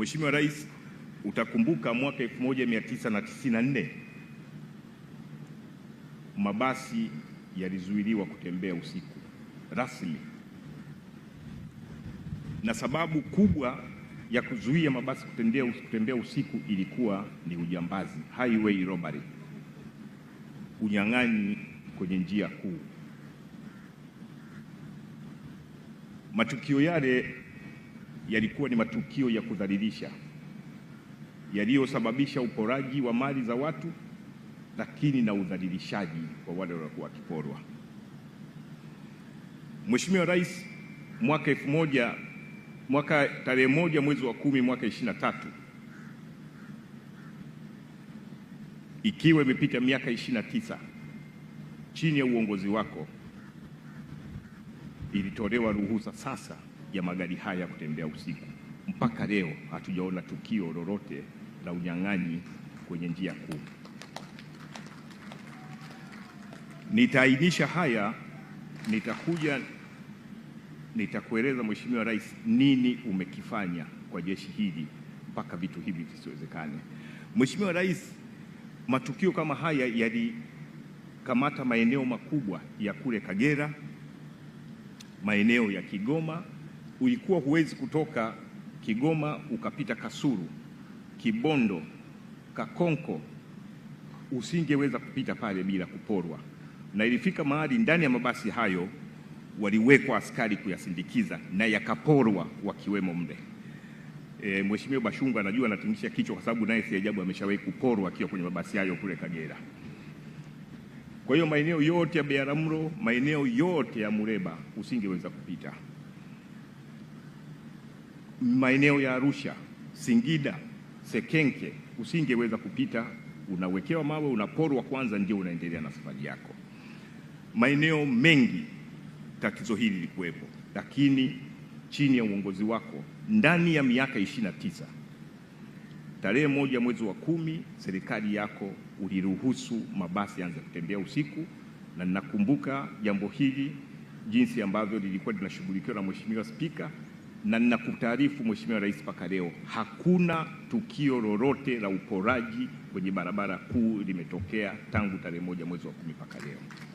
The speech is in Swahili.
Mheshimiwa Rais, utakumbuka mwaka 1994 mabasi yalizuiliwa kutembea usiku rasmi, na sababu kubwa ya kuzuia mabasi kutembea, kutembea usiku ilikuwa ni ujambazi, highway robbery, unyang'anyi kwenye njia kuu. Matukio yale yalikuwa ni matukio ya kudhalilisha yaliyosababisha uporaji wa mali za watu, lakini na udhalilishaji kwa wale waliokuwa wakiporwa. Mheshimiwa Rais mwaka elfu moja mwaka tarehe moja mwezi wa kumi mwaka tatu ikiwa imepita miaka tisa chini ya uongozi wako ilitolewa ruhusa sasa ya magari haya kutembea usiku. Mpaka leo hatujaona tukio lolote la unyang'anyi kwenye njia kuu. Nitaainisha haya, nitakuja nitakueleza Mheshimiwa Rais nini umekifanya kwa jeshi hili mpaka vitu hivi visiwezekane. Mheshimiwa Rais, matukio kama haya yalikamata maeneo makubwa ya kule Kagera, maeneo ya Kigoma ulikuwa huwezi kutoka Kigoma ukapita Kasulu, Kibondo, Kakonko, usingeweza kupita pale bila kuporwa, na ilifika mahali ndani ya mabasi hayo waliwekwa askari kuyasindikiza na yakaporwa wakiwemo mle. E, Mheshimiwa Bashungwa anajua anatumisha kichwa kwa sababu naye si ajabu ameshawahi kuporwa akiwa kwenye mabasi hayo kule Kagera. Kwa hiyo maeneo yote ya Biharamulo, maeneo yote ya Muleba usingeweza kupita maeneo ya Arusha, Singida, sekenke usingeweza kupita, unawekewa mawe, unaporwa kwanza, ndio unaendelea na safari yako. Maeneo mengi tatizo hili lilikuwepo, lakini chini ya uongozi wako ndani ya miaka ishirini na tisa tarehe moja mwezi wa kumi serikali yako uliruhusu mabasi yaanze kutembea usiku, na ninakumbuka jambo hili jinsi ambavyo lilikuwa linashughulikiwa na Mheshimiwa Spika na ninakutaarifu Mheshimiwa Rais, mpaka leo hakuna tukio lolote la uporaji kwenye barabara kuu limetokea tangu tarehe moja mwezi wa kumi mpaka leo.